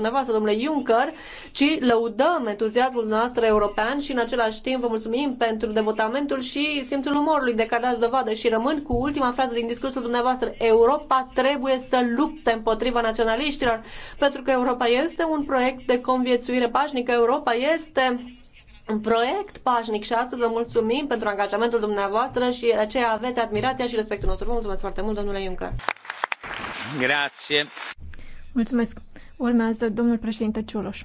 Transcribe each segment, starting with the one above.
dumneavoastră, domnule Juncker, ci lăudăm entuziasmul noastră european și în același timp vă mulțumim pentru devotamentul și simțul umorului de care dați dovadă și rămân cu ultima frază din discursul dumneavoastră. Europa trebuie să lupte împotriva naționaliștilor, pentru că Europa este un proiect de conviețuire pașnică, Europa este un proiect pașnic și astăzi vă mulțumim pentru angajamentul dumneavoastră și aceea aveți admirația și respectul nostru. Vă mulțumesc foarte mult, domnule Juncker. Grazie. Mulțumesc. Urmează domnul președinte Cioloș.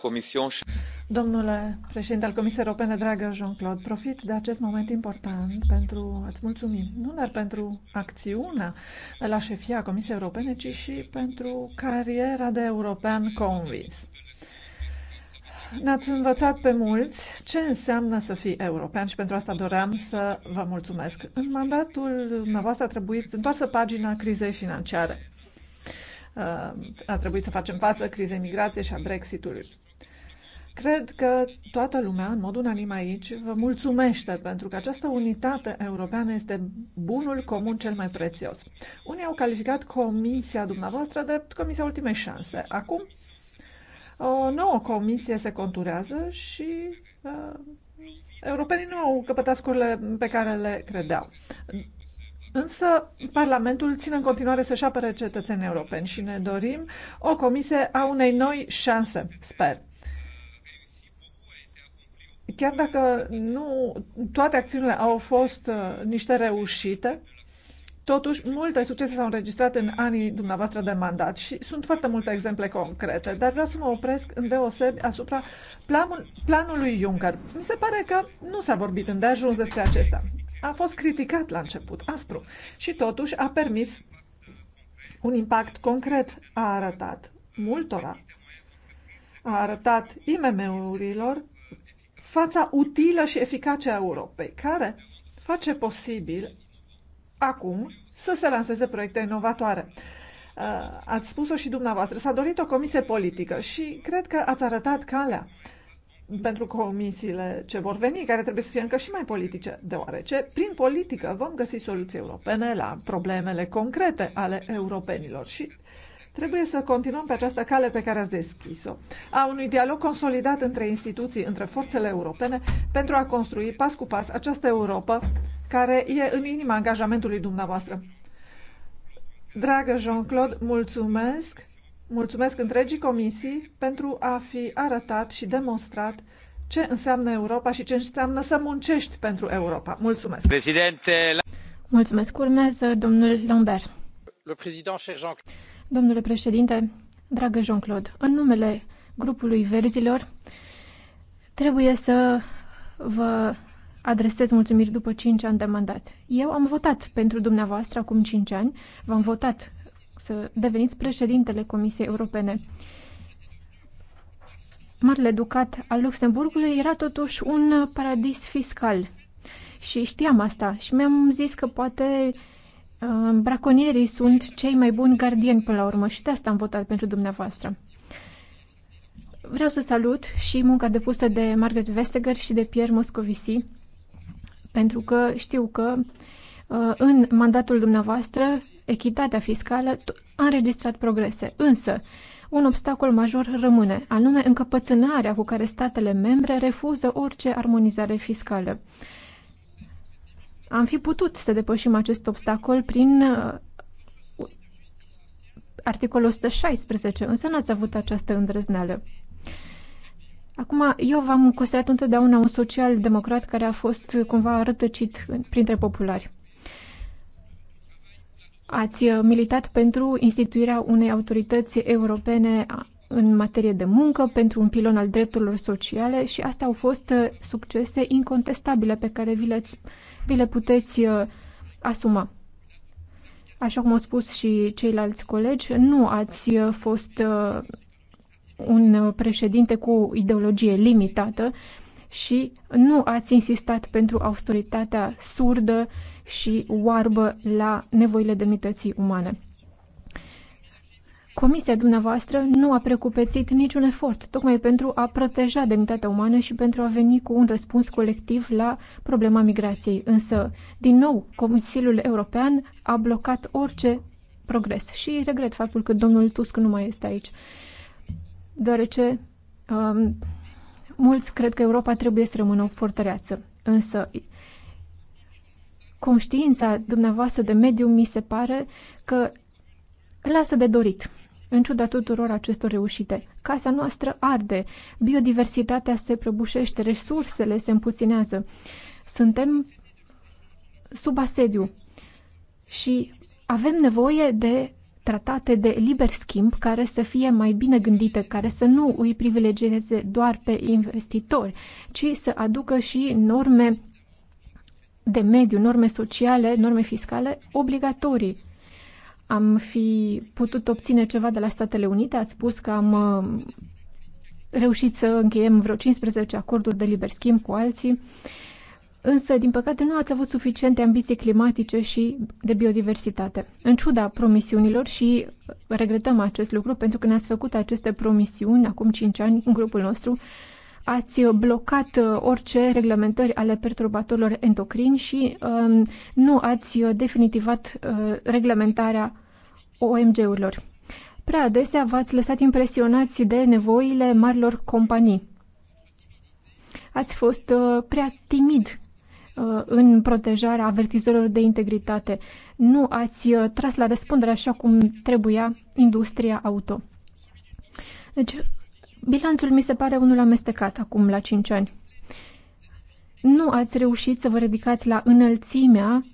Comision... Domnule președinte al Comisiei Europene, dragă Jean-Claude, profit de acest moment important pentru a-ți mulțumi, nu doar pentru acțiunea la șefia Comisiei Europene, ci și pentru cariera de european convins. Ne-ați învățat pe mulți ce înseamnă să fii european și pentru asta doream să vă mulțumesc. În mandatul dumneavoastră a trebuit întoarsă pagina crizei financiare. Uh, a trebuit să facem față crizei migrației și a Brexitului. Cred că toată lumea, în mod unanim aici, vă mulțumește pentru că această unitate europeană este bunul comun cel mai prețios. Unii au calificat comisia dumneavoastră drept comisia ultimei șanse. Acum o nouă comisie se conturează și uh, europenii nu au căpătat scurile pe care le credeau. Însă Parlamentul ține în continuare să-și apere cetățenii europeni și ne dorim o comisie a unei noi șanse, sper. Chiar dacă nu toate acțiunile au fost uh, niște reușite, Totuși, multe succese s-au înregistrat în anii dumneavoastră de mandat și sunt foarte multe exemple concrete, dar vreau să mă opresc în deosebi asupra planul, planului Juncker. Mi se pare că nu s-a vorbit îndeajuns despre acesta. A fost criticat la început, aspru, și totuși a permis un impact concret, a arătat multora, a arătat IMM-urilor fața utilă și eficace a Europei, care face posibil acum să se lanseze proiecte inovatoare. Uh, ați spus-o și dumneavoastră, s-a dorit o comisie politică și cred că ați arătat calea pentru comisiile ce vor veni, care trebuie să fie încă și mai politice, deoarece prin politică vom găsi soluții europene la problemele concrete ale europenilor și trebuie să continuăm pe această cale pe care ați deschis-o, a unui dialog consolidat între instituții, între forțele europene, pentru a construi pas cu pas această Europa care e în inima angajamentului dumneavoastră. Dragă Jean-Claude, mulțumesc, mulțumesc întregii comisii pentru a fi arătat și demonstrat ce înseamnă Europa și ce înseamnă să muncești pentru Europa. Mulțumesc! Președinte... Mulțumesc! Urmează domnul Lambert. Domnule președinte, dragă Jean-Claude, în numele grupului Verzilor, trebuie să vă adresez mulțumiri după 5 ani de mandat. Eu am votat pentru dumneavoastră acum 5 ani, v-am votat să deveniți președintele Comisiei Europene. Marele Ducat al Luxemburgului era totuși un paradis fiscal și știam asta și mi-am zis că poate uh, braconierii sunt cei mai buni gardieni până la urmă și de asta am votat pentru dumneavoastră. Vreau să salut și munca depusă de Margaret Vestager și de Pierre Moscovici pentru că știu că uh, în mandatul dumneavoastră echitatea fiscală a înregistrat progrese, însă un obstacol major rămâne, anume încăpățânarea cu care statele membre refuză orice armonizare fiscală. Am fi putut să depășim acest obstacol prin uh, articolul 116, însă n-ați avut această îndrăzneală. Acum, eu v-am considerat întotdeauna un social-democrat care a fost cumva rătăcit printre populari. Ați militat pentru instituirea unei autorități europene în materie de muncă, pentru un pilon al drepturilor sociale și astea au fost succese incontestabile pe care vi, le vi le puteți uh, asuma. Așa cum au spus și ceilalți colegi, nu ați uh, fost uh, un președinte cu ideologie limitată și nu ați insistat pentru austeritatea surdă și oarbă la nevoile demnității umane. Comisia dumneavoastră nu a precupețit niciun efort, tocmai pentru a proteja demnitatea umană și pentru a veni cu un răspuns colectiv la problema migrației. Însă, din nou, Consiliul European a blocat orice progres și regret faptul că domnul Tusk nu mai este aici deoarece um, mulți cred că Europa trebuie să rămână o fortăreață. Însă, conștiința dumneavoastră de mediu mi se pare că lasă de dorit, în ciuda tuturor acestor reușite. Casa noastră arde, biodiversitatea se prăbușește, resursele se împuținează. Suntem sub asediu și avem nevoie de tratate de liber schimb care să fie mai bine gândite, care să nu îi privilegieze doar pe investitori, ci să aducă și norme de mediu, norme sociale, norme fiscale obligatorii. Am fi putut obține ceva de la Statele Unite, ați spus că am uh, reușit să încheiem vreo 15 acorduri de liber schimb cu alții însă, din păcate, nu ați avut suficiente ambiții climatice și de biodiversitate. În ciuda promisiunilor și regretăm acest lucru pentru că ne-ați făcut aceste promisiuni acum 5 ani în grupul nostru, ați blocat uh, orice reglementări ale perturbatorilor endocrini și um, nu ați definitivat uh, reglementarea OMG-urilor. Prea adesea v-ați lăsat impresionați de nevoile marilor companii. Ați fost uh, prea timid Uh, în protejarea avertizorilor de integritate. Nu ați uh, tras la răspundere așa cum trebuia industria auto. Deci, bilanțul mi se pare unul amestecat acum la 5 ani. Nu ați reușit să vă ridicați la înălțimea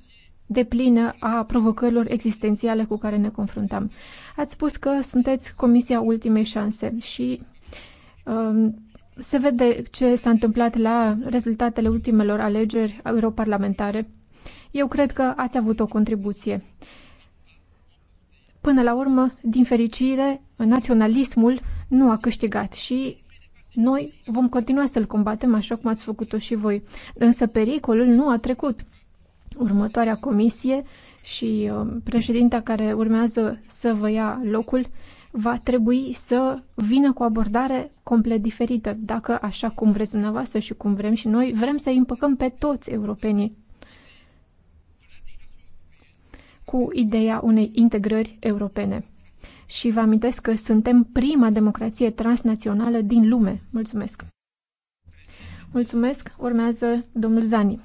deplină a provocărilor existențiale cu care ne confruntam. Ați spus că sunteți Comisia Ultimei Șanse și uh, se vede ce s-a întâmplat la rezultatele ultimelor alegeri europarlamentare. Eu cred că ați avut o contribuție. Până la urmă, din fericire, naționalismul nu a câștigat și noi vom continua să-l combatem așa cum ați făcut-o și voi. Însă pericolul nu a trecut. Următoarea comisie și uh, președinta care urmează să vă ia locul va trebui să vină cu o abordare complet diferită. Dacă, așa cum vreți dumneavoastră și cum vrem și noi, vrem să împăcăm pe toți europenii cu ideea unei integrări europene. Și vă amintesc că suntem prima democrație transnațională din lume. Mulțumesc! Mulțumesc! Urmează domnul Zani.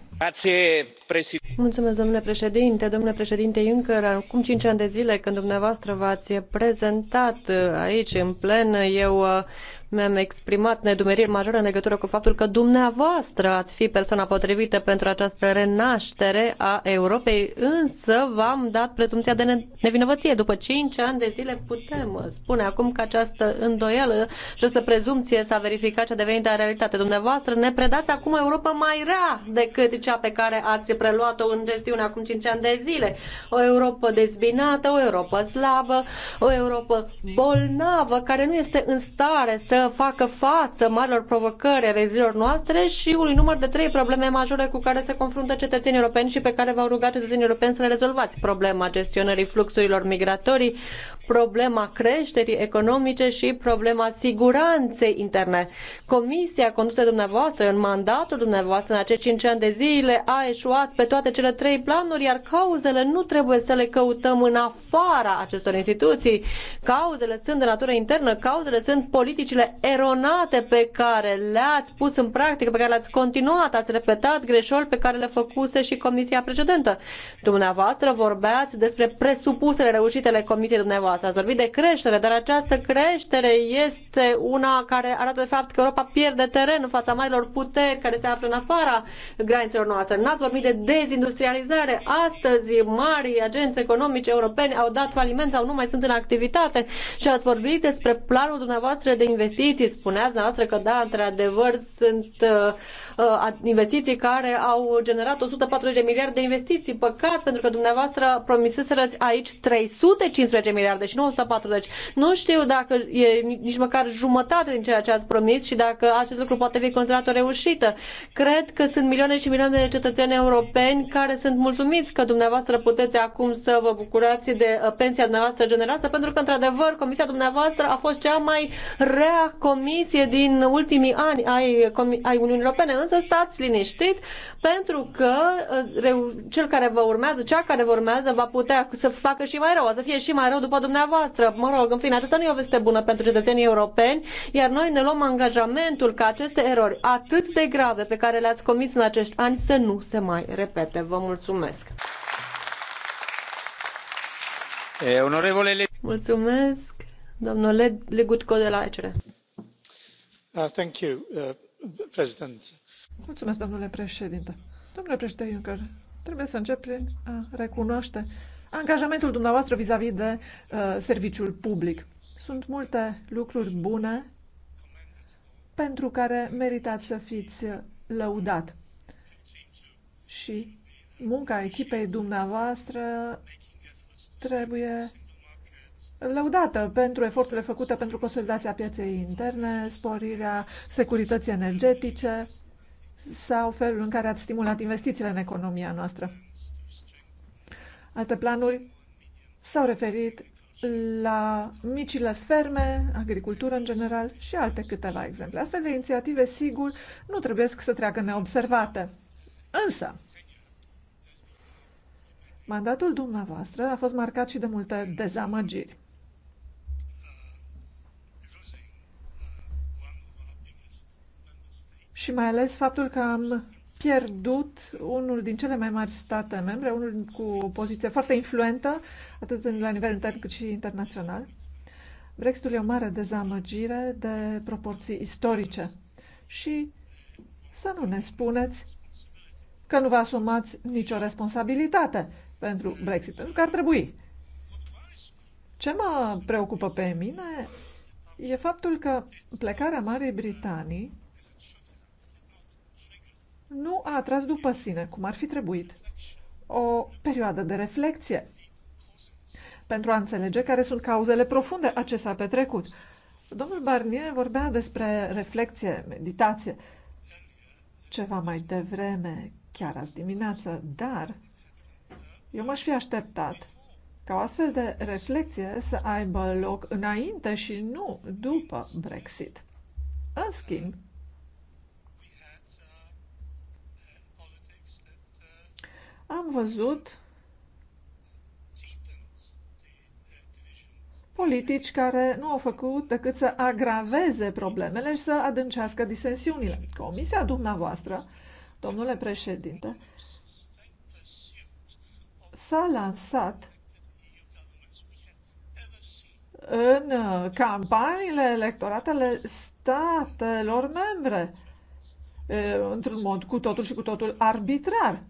Mulțumesc, domnule președinte domnule președinte juncker acum cinci ani de zile când dumneavoastră v ați prezentat uh, aici în plen eu uh, mi am exprimat nedumeriri majore în legătură cu faptul că dumneavoastră ați fi persoana potrivită pentru această renaștere a europei însă v am dat prezumția de nevinovăție. după cinci ani de zile putem spune acum că această îndoială și această prezumție s a verificat și a devenit a realitate. dumneavoastră ne predați acum o europă mai rea decât cea pe care ați preluat-o în gestiune acum 5 ani de zile. O Europa dezbinată, o Europa slabă, o Europa bolnavă, care nu este în stare să facă față marilor provocări ale zilor noastre și unui număr de trei probleme majore cu care se confruntă cetățenii europeni și pe care v-au rugat cetățenii europeni să le rezolvați. Problema gestionării fluxurilor migratorii, problema creșterii economice și problema siguranței interne. Comisia condusă dumneavoastră în mandatul dumneavoastră în acești cinci ani de zile Chile a eșuat pe toate cele trei planuri, iar cauzele nu trebuie să le căutăm în afara acestor instituții. Cauzele sunt de natură internă, cauzele sunt politicile eronate pe care le-ați pus în practică, pe care le-ați continuat, ați repetat greșeli pe care le făcuse și comisia precedentă. Dumneavoastră vorbeați despre presupusele reușitele comisiei dumneavoastră. Ați vorbit de creștere, dar această creștere este una care arată de fapt că Europa pierde teren în fața marilor puteri care se află în afara granițelor noastră. N-ați vorbit de dezindustrializare. Astăzi, mari agenți economici europeni au dat faliment sau nu mai sunt în activitate și ați vorbit despre planul dumneavoastră de investiții. Spuneați dumneavoastră că, da, într-adevăr, sunt uh, Uh, investiții care au generat 140 de miliarde de investiții. Păcat, pentru că dumneavoastră promiseserăți aici 315 miliarde și 940. Nu știu dacă e nici măcar jumătate din ceea ce ați promis și dacă acest lucru poate fi considerat o reușită. Cred că sunt milioane și milioane de cetățeni europeni care sunt mulțumiți că dumneavoastră puteți acum să vă bucurați de uh, pensia dumneavoastră generoasă, pentru că, într-adevăr, comisia dumneavoastră a fost cea mai rea comisie din ultimii ani ai, ai Uniunii Europene însă stați liniștit pentru că uh, cel care vă urmează, cea care vă urmează va putea să facă și mai rău, să fie și mai rău după dumneavoastră. Mă rog, în fine, aceasta nu e o veste bună pentru cetățenii europeni, iar noi ne luăm angajamentul ca aceste erori atât de grave pe care le-ați comis în acești ani să nu se mai repete. Vă mulțumesc! Eh, onorevole Le... Mulțumesc, domnule Legutco de la ECR. Uh, thank you, uh, President. Mulțumesc, domnule președinte. Domnule președinte Juncker, trebuie să încep prin a recunoaște angajamentul dumneavoastră vis-a-vis -vis de uh, serviciul public. Sunt multe lucruri bune pentru care meritați să fiți lăudat. Și munca echipei dumneavoastră trebuie lăudată pentru eforturile făcute pentru consolidația pieței interne, sporirea securității energetice, sau felul în care ați stimulat investițiile în economia noastră. Alte planuri s-au referit la micile ferme, agricultură în general și alte câteva exemple. Astfel de inițiative, sigur, nu trebuie să treacă neobservate. Însă, mandatul dumneavoastră a fost marcat și de multe dezamăgiri. și mai ales faptul că am pierdut unul din cele mai mari state membre, unul cu o poziție foarte influentă, atât la nivel intern cât și internațional. Brexitul e o mare dezamăgire de proporții istorice și să nu ne spuneți că nu vă asumați nicio responsabilitate pentru Brexit, pentru că ar trebui. Ce mă preocupă pe mine e faptul că plecarea Marii Britanii nu a atras după sine, cum ar fi trebuit, o perioadă de reflexie pentru a înțelege care sunt cauzele profunde a ce s-a petrecut. Domnul Barnier vorbea despre reflexie, meditație, ceva mai devreme, chiar azi dimineață, dar eu m-aș fi așteptat ca o astfel de reflexie să aibă loc înainte și nu după Brexit. În schimb, am văzut politici care nu au făcut decât să agraveze problemele și să adâncească disensiunile. Comisia dumneavoastră, domnule președinte, s-a lansat în campaniile electoratele statelor membre într-un mod cu totul și cu totul arbitrar.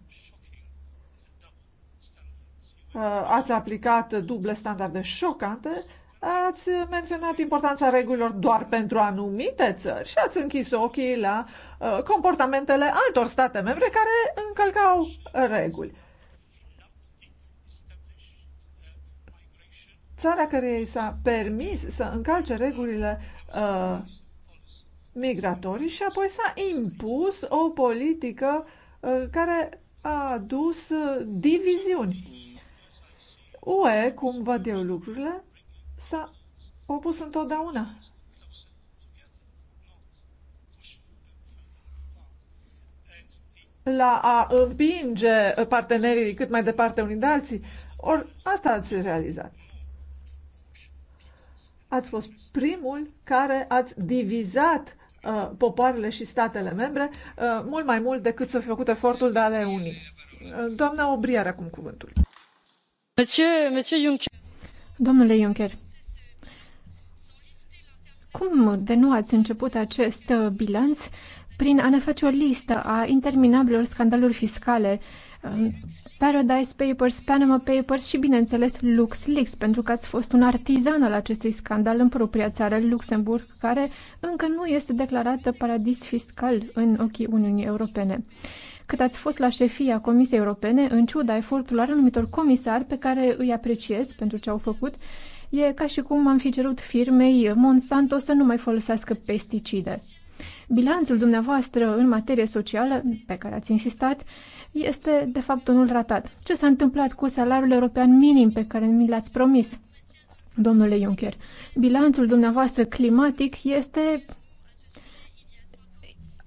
Uh, ați aplicat duble standarde șocante, ați menționat importanța regulilor doar pentru anumite țări și ați închis ochii la uh, comportamentele altor state membre care încălcau reguli. Țara care i s-a permis să încalce regulile uh, migratorii și apoi s-a impus o politică care a adus diviziuni UE, cum văd eu lucrurile, s-a opus întotdeauna. la a împinge partenerii cât mai departe unii de alții. Ori asta ați realizat. Ați fost primul care ați divizat uh, popoarele și statele membre uh, mult mai mult decât să fi făcut efortul de a le uni. Uh, doamna Obriar, acum cuvântul. Domnule Juncker, cum de nu ați început acest uh, bilanț prin a ne face o listă a interminabilor scandaluri fiscale, um, Paradise Papers, Panama Papers și, bineînțeles, LuxLeaks, pentru că ați fost un artizan al acestui scandal în propria țară, Luxemburg, care încă nu este declarată paradis fiscal în ochii Uniunii Europene cât ați fost la șefia Comisiei Europene, în ciuda efortului anumitor comisari pe care îi apreciez pentru ce au făcut, e ca și cum am fi cerut firmei Monsanto să nu mai folosească pesticide. Bilanțul dumneavoastră în materie socială, pe care ați insistat, este de fapt unul ratat. Ce s-a întâmplat cu salariul european minim pe care mi l-ați promis, domnule Juncker? Bilanțul dumneavoastră climatic este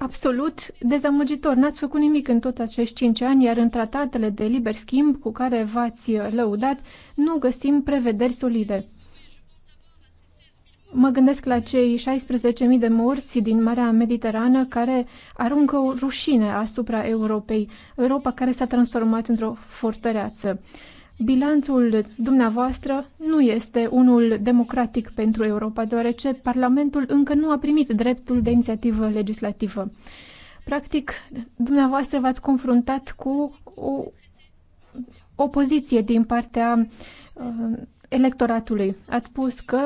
absolut dezamăgitor. N-ați făcut nimic în toți acești cinci ani, iar în tratatele de liber schimb cu care v-ați lăudat, nu găsim prevederi solide. Mă gândesc la cei 16.000 de morți din Marea Mediterană care aruncă o rușine asupra Europei, Europa care s-a transformat într-o fortăreață bilanțul dumneavoastră nu este unul democratic pentru Europa, deoarece Parlamentul încă nu a primit dreptul de inițiativă legislativă. Practic, dumneavoastră v-ați confruntat cu o opoziție din partea uh, electoratului. Ați spus că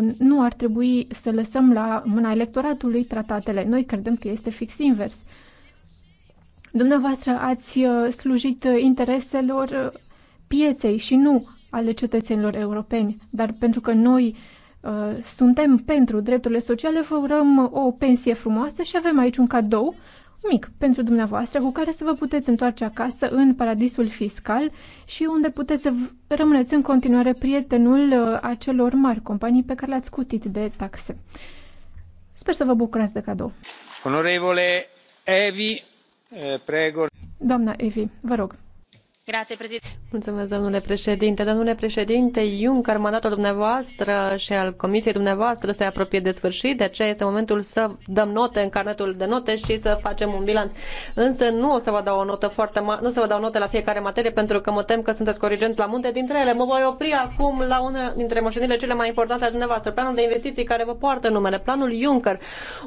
uh, nu ar trebui să lăsăm la mâna electoratului tratatele. Noi credem că este fix invers. Dumneavoastră ați uh, slujit intereselor uh, pieței și nu ale cetățenilor europeni. Dar pentru că noi uh, suntem pentru drepturile sociale, vă urăm uh, o pensie frumoasă și avem aici un cadou mic pentru dumneavoastră cu care să vă puteți întoarce acasă în paradisul fiscal și unde puteți să rămâneți în continuare prietenul uh, acelor mari companii pe care le-ați scutit de taxe. Sper să vă bucurați de cadou. Onorevole Evi, uh, prego. Doamna Evi, vă rog domnule președinte. Domnule președinte Juncker, mandatul dumneavoastră și al comisiei dumneavoastră se apropie de sfârșit, de aceea este momentul să dăm note în carnetul de note și să facem un bilanț. Însă nu o să vă dau o notă foarte nu o să vă dau note la fiecare materie pentru că mă tem că sunteți corigent la multe dintre ele. Mă voi opri acum la una dintre moșenirile cele mai importante ale dumneavoastră, planul de investiții care vă poartă numele, planul Juncker.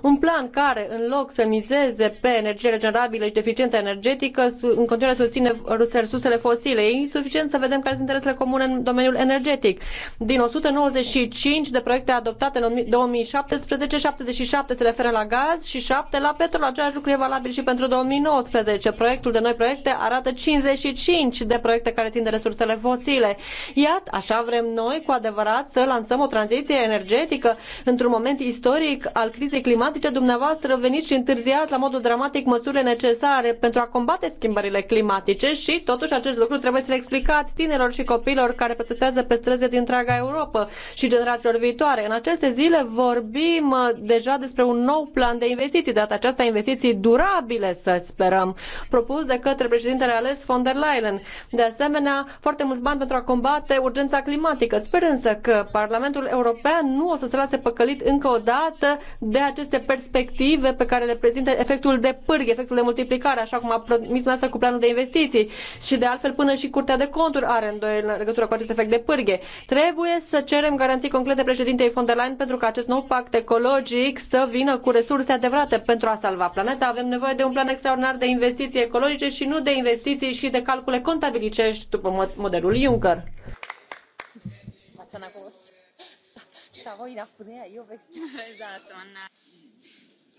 Un plan care, în loc să mizeze pe energie regenerabilă și deficiența energetică, în continuare susține resursele resursele fosile. E insuficient să vedem care sunt interesele comune în domeniul energetic. Din 195 de proiecte adoptate în 2017, 77 se referă la gaz și 7 la petrol. Același lucru e valabil și pentru 2019. Proiectul de noi proiecte arată 55 de proiecte care țin de resursele fosile. Iată, așa vrem noi cu adevărat să lansăm o tranziție energetică într-un moment istoric al crizei climatice. Dumneavoastră veniți și întârziați la modul dramatic măsurile necesare pentru a combate schimbările climatice și totuși acest lucru trebuie să le explicați tinerilor și copiilor care protestează pe străzi din întreaga Europa și generațiilor viitoare. În aceste zile vorbim uh, deja despre un nou plan de investiții, de data aceasta investiții durabile, să sperăm, propus de către președintele ales von der Leyen. De asemenea, foarte mulți bani pentru a combate urgența climatică. Sper însă că Parlamentul European nu o să se lase păcălit încă o dată de aceste perspective pe care le prezintă efectul de pârg, efectul de multiplicare, așa cum a promis noastră cu planul de investiții. Și de altfel până și Curtea de Conturi are îndoieli în legătură cu acest efect de pârghe. Trebuie să cerem garanții concrete președintei von der Leyen pentru ca acest nou pact ecologic să vină cu resurse adevărate pentru a salva planeta. Avem nevoie de un plan extraordinar de investiții ecologice și nu de investiții și de calcule contabilicești după modelul Juncker.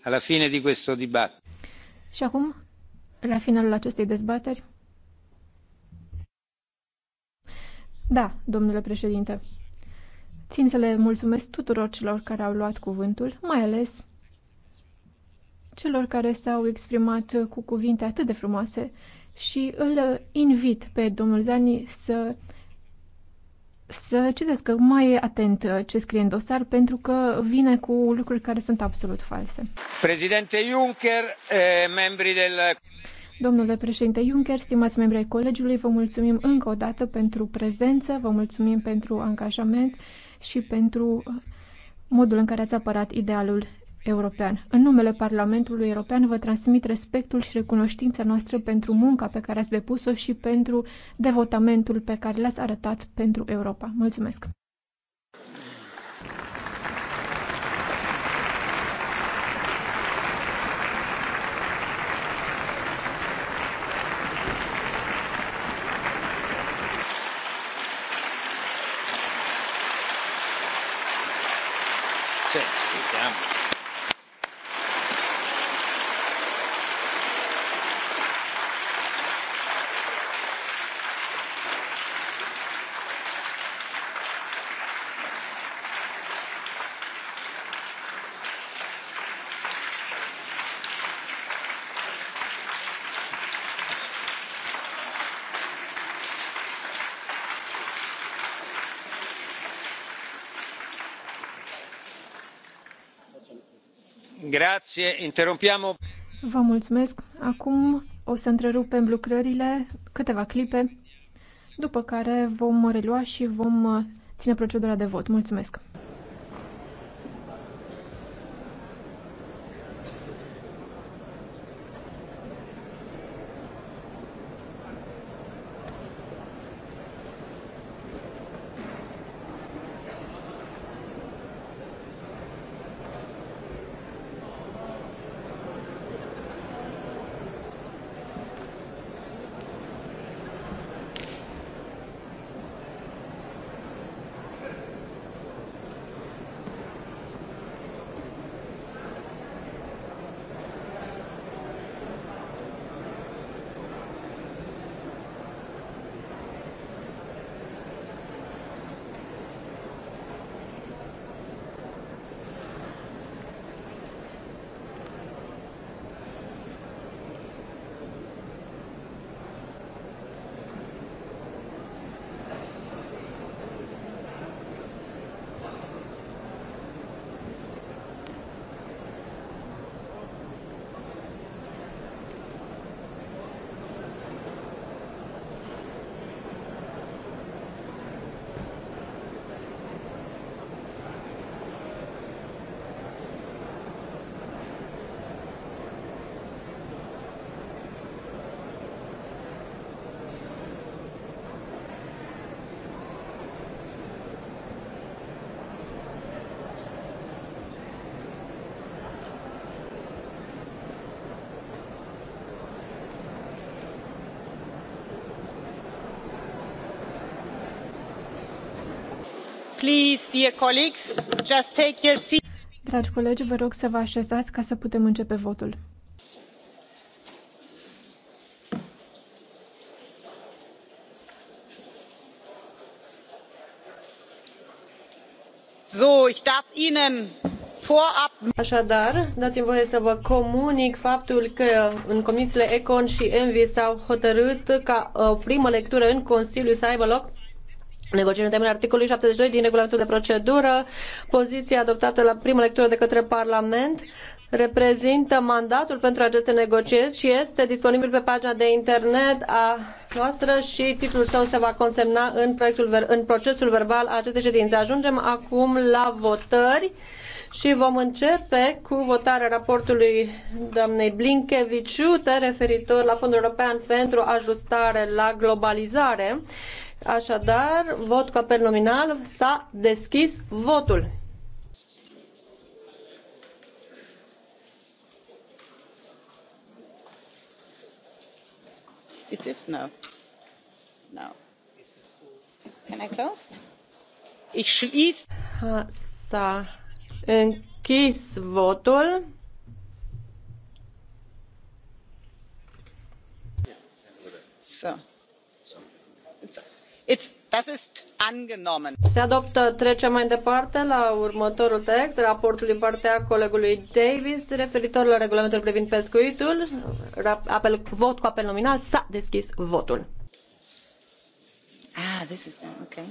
La fine di questo dibattito. Și acum, la finalul acestei dezbateri, Da, domnule președinte. Țin să le mulțumesc tuturor celor care au luat cuvântul, mai ales celor care s-au exprimat cu cuvinte atât de frumoase și îl invit pe domnul Zani să să citească mai atent ce scrie în dosar, pentru că vine cu lucruri care sunt absolut false. Președinte Juncker, eh, membrii del... Domnule președinte Juncker, stimați membri ai colegiului, vă mulțumim încă o dată pentru prezență, vă mulțumim pentru angajament și pentru modul în care ați apărat idealul european. În numele Parlamentului European vă transmit respectul și recunoștința noastră pentru munca pe care ați depus-o și pentru devotamentul pe care l-ați arătat pentru Europa. Mulțumesc! Grație, interrompiamo. Vă mulțumesc. Acum o să întrerupem lucrările câteva clipe, după care vom relua și vom uh, ține procedura de vot. Mulțumesc. Dragi colegi, vă rog să vă așezați ca să putem începe votul. So, ich darf Ihnen vorab... Așadar, dați-mi voie să vă comunic faptul că în comisiile Econ și Envi s-au hotărât ca uh, o primă lectură în Consiliu să aibă loc Negocierile în termenul articolului 72 din regulamentul de procedură, poziția adoptată la prima lectură de către Parlament reprezintă mandatul pentru aceste negocieri și este disponibil pe pagina de internet a noastră și titlul său se va consemna în, proiectul, în procesul verbal a acestei ședințe. Ajungem acum la votări și vom începe cu votarea raportului doamnei Blinkeviciute referitor la Fondul European pentru Ajustare la Globalizare. Așadar, vot cu apel nominal, s-a deschis votul. Is this no? No. Can I close? Ich schließe. S-a închis votul. So. Se adoptă. Trecem mai departe la următorul text, raportul din partea colegului Davis referitor la regulamentul privind pescuitul. Apel, vot cu apel nominal. S-a deschis votul. Ah, this is okay.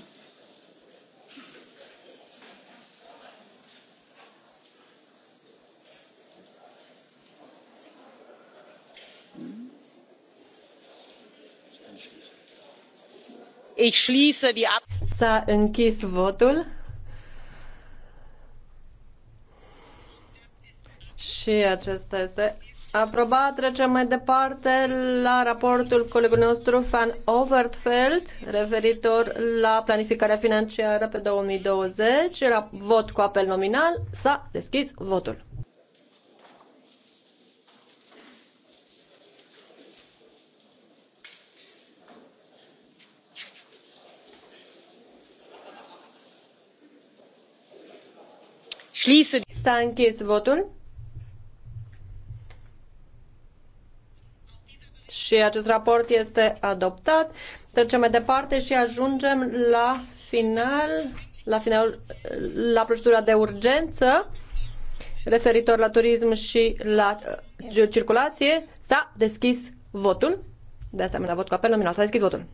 Ich schließe die Ab S-a închis votul. Și acesta este aprobat. Trecem mai departe la raportul colegului nostru, Fan Overtfeld, referitor la planificarea financiară pe 2020. Era vot cu apel nominal. S-a deschis votul. Schließe. S-a închis votul. Și acest raport este adoptat. Trecem mai departe și ajungem la final, la final, la procedura de urgență referitor la turism și la uh, circulație. S-a deschis votul. De asemenea, vot cu apel nominal. S-a deschis votul.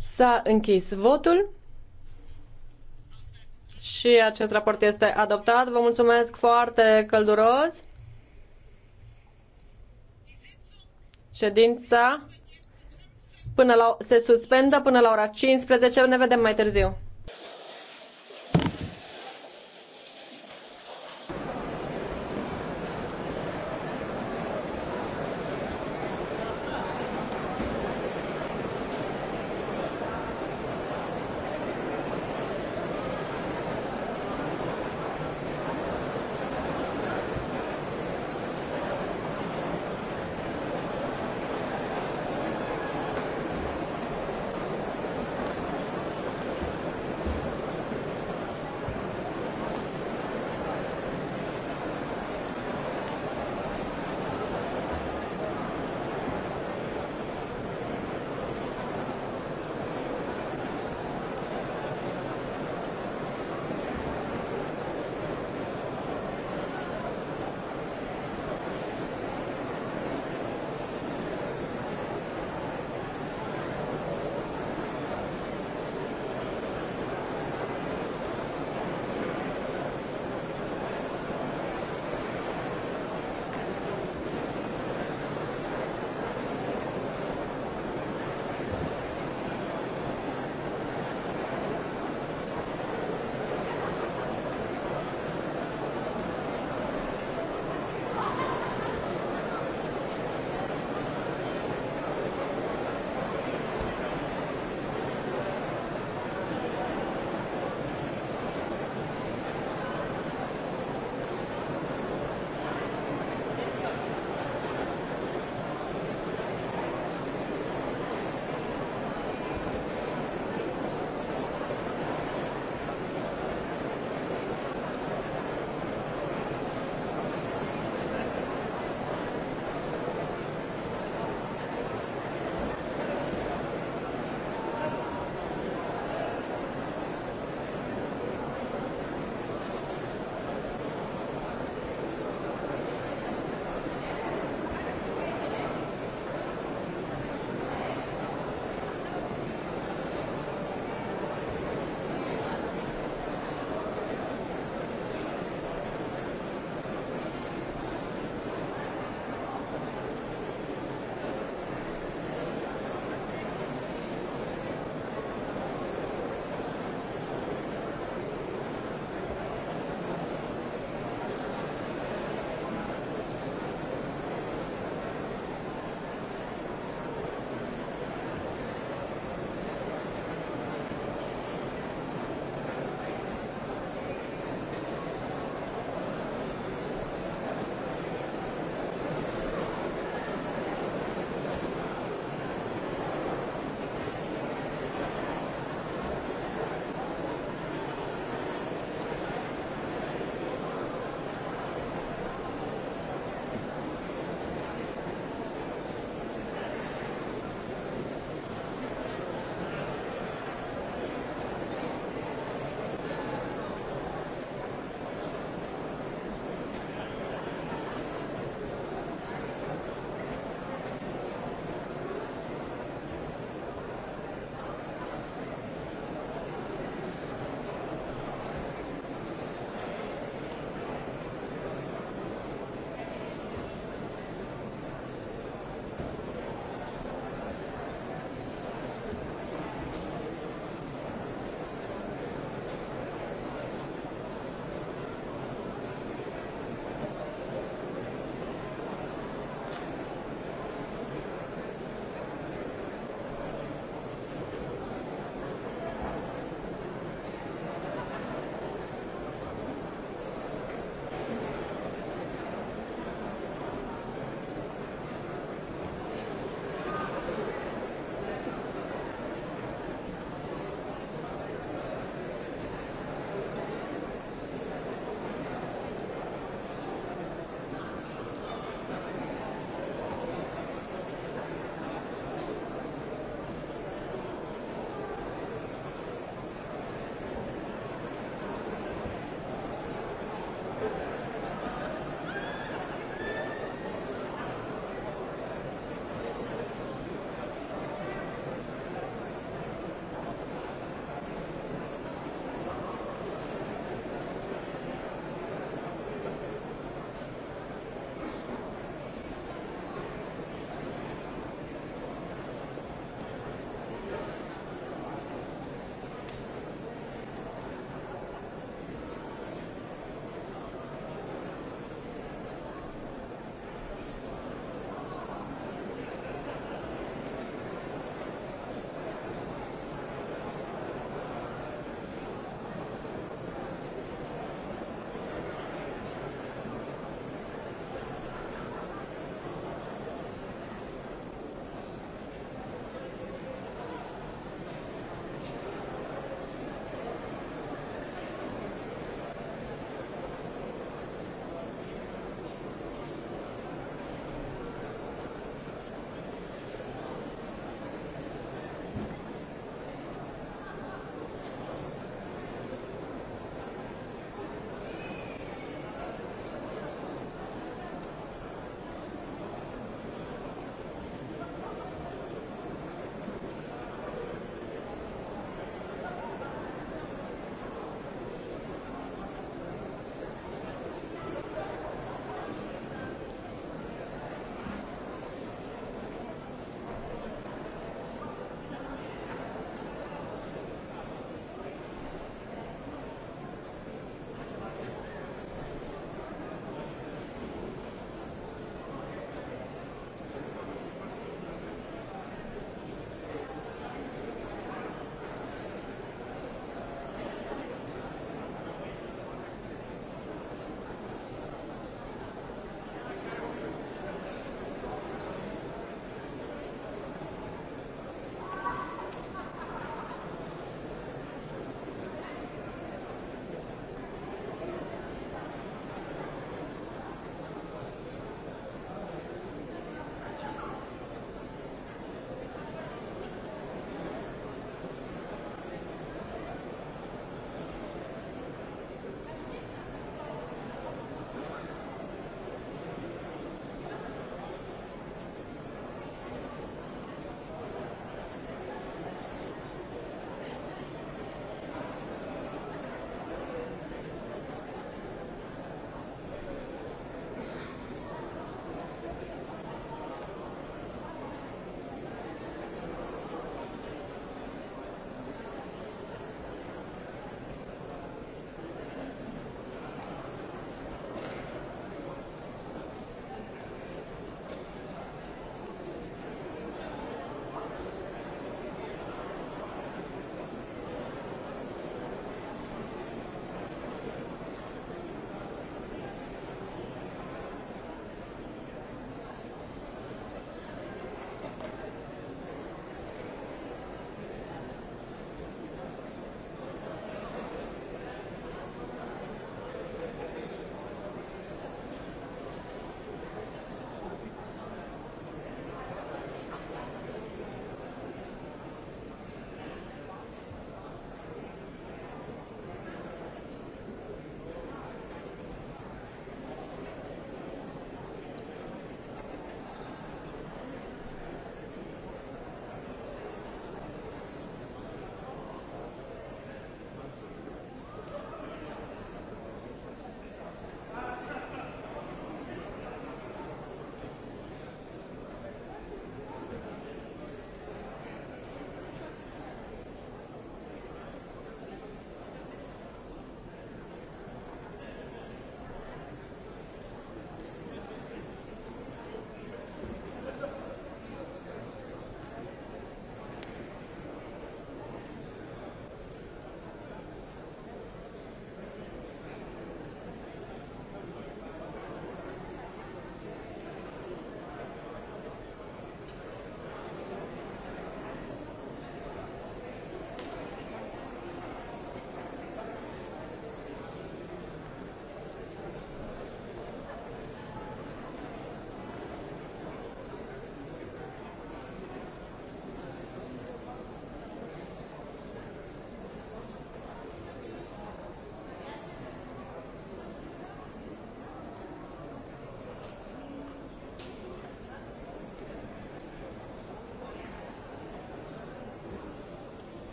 S-a închis votul. Și acest raport este adoptat. Vă mulțumesc foarte călduros. Ședința până la, se suspendă până la ora 15. Ne vedem mai târziu.